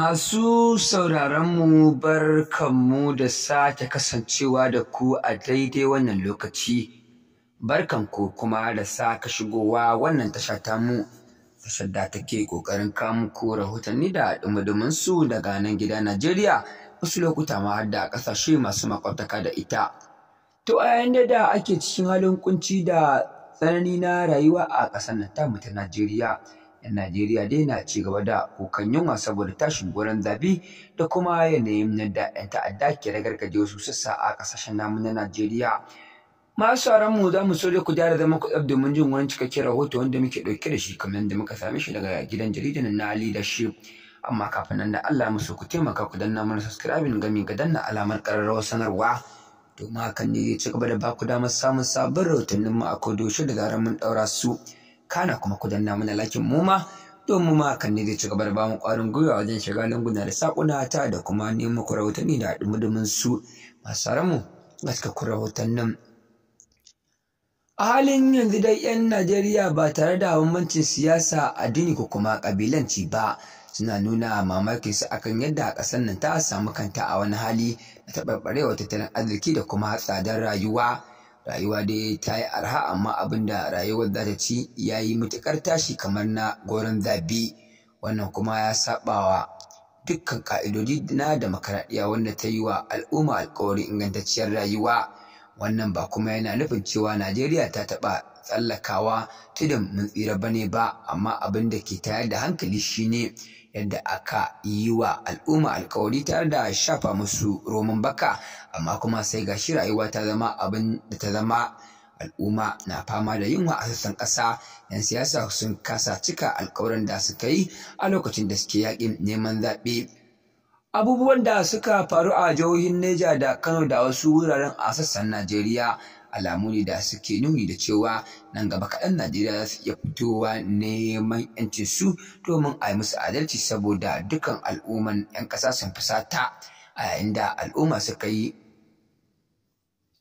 Masu sauraronmu bar kanmu da sake kasancewa da ku a daidai wannan lokaci, kanku kuma da sake shigowa wannan tasha tamu, tashar da take ƙoƙarin kamu ko rahotanni da ɗumuɗuminsu daga nan gida Najeriya wasu lokuta ma har da ƙasashe masu makwabtaka da ita. To a yayin da ake cikin halin kunci da tsanani na rayuwa a ƙasar nan tamu ta Najeriya. 'yan Najeriya dai na ci gaba da kokan yunwa saboda tashin goron zabi da kuma yanayin yadda 'yan ta'adda ke ragargaje wasu sassa a ƙasashen namu na Najeriya. Masu sauran mu za mu so da ku da zama ku tsab domin jin wani cikakken rahoto wanda muke ɗauke da shi kamar yadda muka same shi daga gidan jaridan na leadership. Amma kafin nan da Allah musu ku taimaka ku danna mana subscribing gami ga danna alamar ƙararrawar sanarwa. Domin hakan ne zai ci da baku damar samun sabon rahotannin mu a kodayaushe da zarar mun ɗaura su. kana kuma kudan danna mana lakin mu ma don mu ma kan zai ci gaba da bamu kwarin gwiwa wajen shiga lunguna da saƙuna ta da kuma nemo ku rahotanni da dumudumin su masu ramu ga cikakkun rahotannin. A halin yanzu dai 'yan Najeriya ba tare da bambancin siyasa addini ko kuma ƙabilanci ba suna nuna mamakin su akan yadda ƙasar nan ta samu kanta a wani hali ta taɓarɓarewa tattalin arziki da kuma tsadar rayuwa. rayuwa dai ta yi arha amma abin da rayuwar za ta ci ya yi matuƙar tashi kamar na goron zabi wannan kuma ya saɓawa dukkan ƙa'idodi na da makaraɗiya wanda ta yi wa al'umma alƙawarin ingantacciyar rayuwa wannan ba kuma yana nufin cewa Najeriya ta taɓa tsallakawa tudun mun tsira bane ba amma abin da ke tayar da hankali shine yadda aka yi wa al'umma alkawari tare da shafa musu roman baka amma kuma sai ga shi rayuwa ta zama abin da ta zama al'umma na fama da yunwa a sassan ƙasa yan siyasa sun kasa cika alkawarin da suka yi a lokacin da suke yaƙin neman zaɓe abubuwan da suka faru a jihohin Neja da Kano da wasu wuraren a sassan Najeriya alamu ne da suke nuni da cewa nan gaba kaɗan Najeriya za su iya fitowa neman ‘yancin su domin a yi musu adalci saboda dukkan al'umman ‘yan ƙasa sun fusata a yayin da al'umma suka yi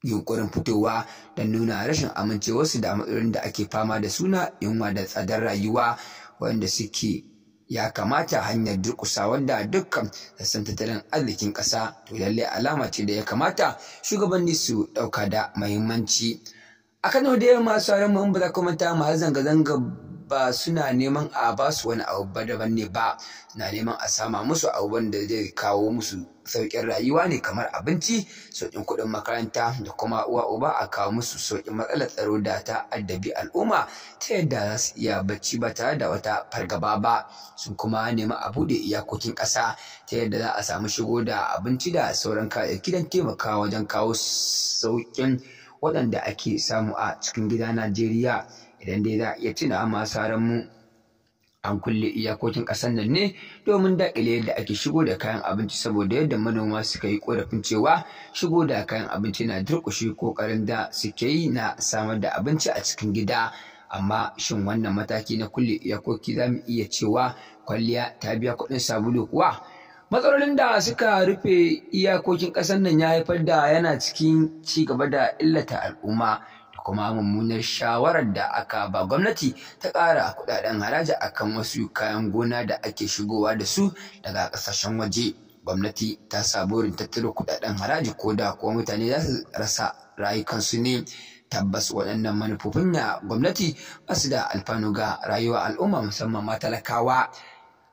yunkurin fitowa don nuna rashin amincewarsu da matsalolin da ake fama da suna yunwa da tsadar rayuwa wanda suke ya kamata hanyar durƙusa wanda dukkan sassan tattalin arzikin ƙasa to lallai alama ce da ya kamata shugabanni su ɗauka da muhimmanci. A Kano da yamma sauran mu ba za ku manta zanga-zanga ba suna neman a ba su wani abu ba daban ne ba na neman a sama musu abu wanda zai kawo musu sauƙin rayuwa ne kamar abinci sauƙin kuɗin makaranta da kuma uwa uba a kawo musu sauƙin matsalar tsaro da ta addabi al'umma ta yadda za su iya bacci ba tare da wata fargaba ba sun kuma nema a buɗe iyakokin ƙasa ta yadda za a samu shigo da abinci da sauran kayayyaki gidan taimakawa wajen kawo sauƙin waɗanda ake samu a cikin gida Najeriya idan dai za a iya tuna ma saran mu an kulle iyakokin ƙasar nan ne domin daƙile yadda ake shigo da kayan abinci saboda yadda manoma suka yi ƙorafin cewa shigo da kayan abinci na durƙushe ƙoƙarin da suke yi na samar da abinci a cikin gida amma shin wannan mataki na kulle iyakoki za mu iya cewa kwalliya ta biya kuɗin sabulu kuwa matsalolin da suka rufe iyakokin ƙasar nan ya haifar da yana cikin ci gaba da illata al'umma kuma mummunar shawarar da aka ba gwamnati ta ƙara kuɗaɗen haraji akan wasu kayan gona da ake shigowa da su daga ƙasashen waje gwamnati ta sa burin tattara kuɗaɗen haraji ko da kuwa mutane za su rasa rayukansu ne tabbas waɗannan manufofin na gwamnati ba su da alfanu ga rayuwar al'umma musamman ma talakawa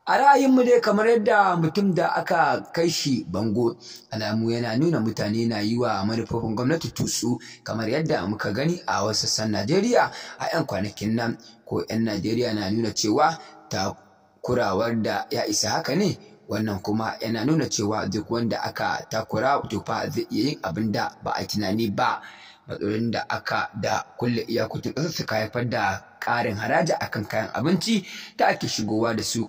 a mu dai kamar yadda mutum da aka kai shi bango alamu yana nuna mutane na yi wa manufofin gwamnati tusu kamar yadda muka gani a wasu san najeriya a 'yan kwanakin nan ko 'yan najeriya na nuna cewa ta takurawar da ya isa haka ne wannan kuma yana nuna cewa duk wanda aka takura tufa zai iya yin abin da ba a tunani ba matsayin da aka da kulle iyakokin ƙasa suka haifar da ƙarin haraji akan kayan abinci da ake shigowa da su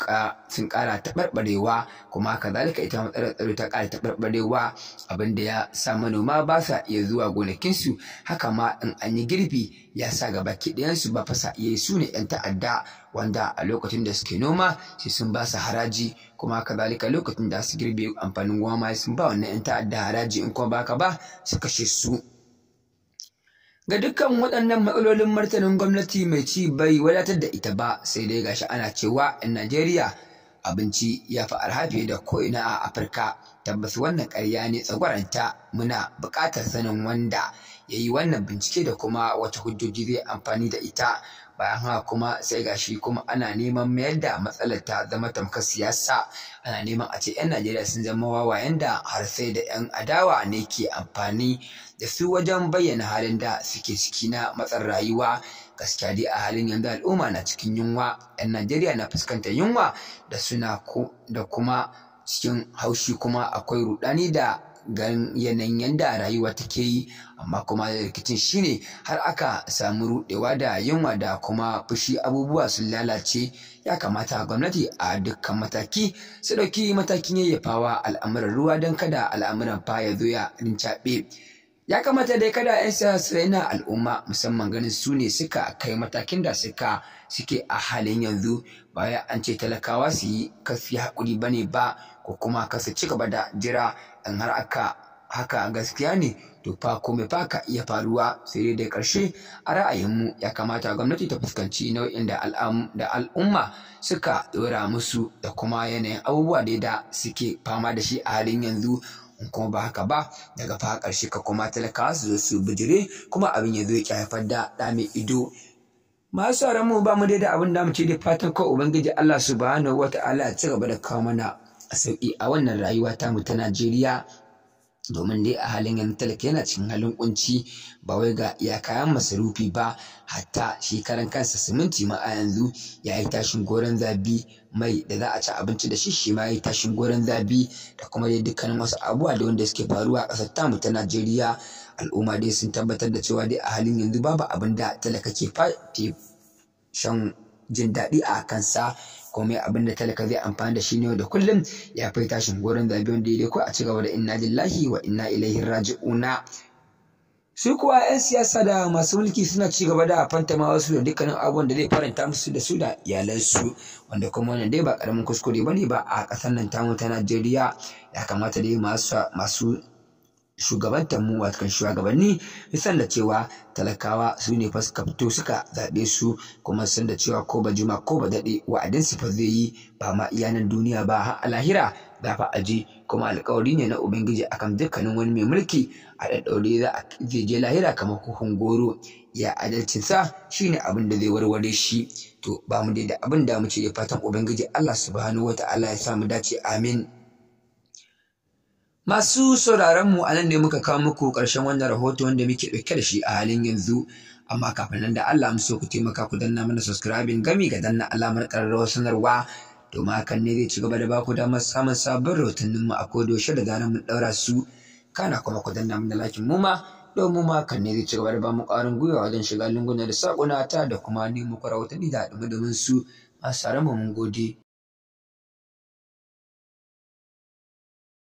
sun ƙara taɓarɓarewa kuma kazalika zalika ita matsalar tsaro ta ƙara taɓarɓarewa abin da ya sa manoma ba sa iya zuwa gonakinsu haka ma in an yi girbi ya sa gaba ɗayansu ba fasa iya su ne 'yan ta'adda wanda a lokacin da suke noma sai sun ba su haraji kuma kazalika lokacin da su girbe amfanin goma sun ba wannan 'yan ta'adda haraji in kuma ba ka ba su kashe su. Ga dukkan waɗannan matsalolin martanin gwamnati mai ci bai wadatar da ita ba sai dai gashi ana cewa 'yan Najeriya abinci ya fi arha fiye da ko'ina a Afirka. tabbas wannan ƙarya ne tsagwaranta muna buƙatar sanin wanda ya yi wannan bincike da kuma wata hujjoji zai amfani da ita bayan haka kuma sai gashi kuma ana neman mayar da matsalar ta zama tamkar siyasa ana neman a ce 'yan najeriya sun zama wawayen da har sai da 'yan adawa ne ke amfani da su wajen bayyana halin da suke ciki na matsar rayuwa gaskiya dai a halin yanzu al'umma na cikin yunwa 'yan najeriya na fuskantar yunwa da suna da kuma cikin haushi kuma akwai rudani da ganin yanayin yanda rayuwa take yi amma kuma rikicin shine har aka samu rudewa da yunwa da kuma fushi abubuwa sun lalace ya kamata gwamnati a dukkan mataki su ɗauki matakin yayyafawa al'amuran ruwa don kada al'amuran fa ya zo ya rincaɓe ya kamata dai kada 'yan siyasa yana al'umma musamman ganin su ne suka kai matakin da suka suke a halin yanzu baya an ce talakawa su yi kafi haƙuri bane ba ko kuma ka ci gaba da jira in har aka haka gaskiya ne to fa kome fa ka iya faruwa sai dai da ƙarshe a ra'ayinmu ya kamata gwamnati ta fuskanci nau'in da al'umma suka dora musu da kuma yanayin abubuwa dai da suke fama da shi a halin yanzu in kuma ba haka ba daga fa ƙarshe ka kuma talakawa su zo su bijire kuma abin ya zo ya haifar da ɗa mai ido masu mu ba mu dai da abin da mu ce dai fatan ko ubangiji Allah subhanahu wata'ala ya ci gaba da kawo mana a sauƙi a wannan rayuwa tamu ta Najeriya domin dai a halin yanzu talaka yana cikin halin kunci ba wai ga iya kayan masarufi ba hatta shekaran kansa siminti ma a yanzu ya yi tashin goron zabi mai da za a ci abinci da shi shi ma ya yi tashin goron zabi da kuma dai dukkanin wasu abubuwa da wanda suke faruwa a ƙasar tamu ta Najeriya al'umma dai sun tabbatar da cewa dai a halin yanzu babu abin da talaka ke shan jin daɗi a kansa komai abin da talaka zai amfani da shi ne da kullum ya fai tashin gurin da wanda ya ko a ci gaba da inna lillahi wa inna ilaihi raji'una su kuwa 'yan siyasa da masu mulki suna ci gaba da fantama wasu da dukkanin abubuwan da zai faranta musu da su da iyalansu wanda kuma wannan dai ba karamin kuskure bane ba a kasar nan tamu ta Najeriya ya kamata dai masu shugabantar mu wato shugabanni san da cewa talakawa su ne fa suka fito suka zaɓe su kuma san da cewa ko ba juma ko ba daɗe wa'adin su fa zai yi ba ma nan duniya ba har a lahira za fa a ji, kuma alƙawari ne na ubangiji akan dukkanin wani mai mulki a ɗaɗɗaure za a zai je lahira kamar kuhun goro ya adalcin sa shine abin da zai warware shi to ba mu da abin da mu ce fatan ubangiji Allah subhanahu wataala ya sa mu dace amin Masu sauraron mu anan ne muka kawo muku ƙarshen wannan rahoto wanda muke ɗauke da shi a halin yanzu. Amma kafin nan da Allah mu so ku taimaka ku danna mana subscribing gami ga danna alamar ƙararrawar sanarwa domin hakan ne zai ci gaba da ba ku damar samun sabbin rahotannin mu a ko da dana mun ɗaura su. Kana kuma ku danna mana lakin mu ma domin ma hakan ne zai ci gaba da ba mu ƙwarin gwiwa wajen shiga lunguna da saƙuna da kuma nemo rahotanni da haɗu domin su. Masu mun gode.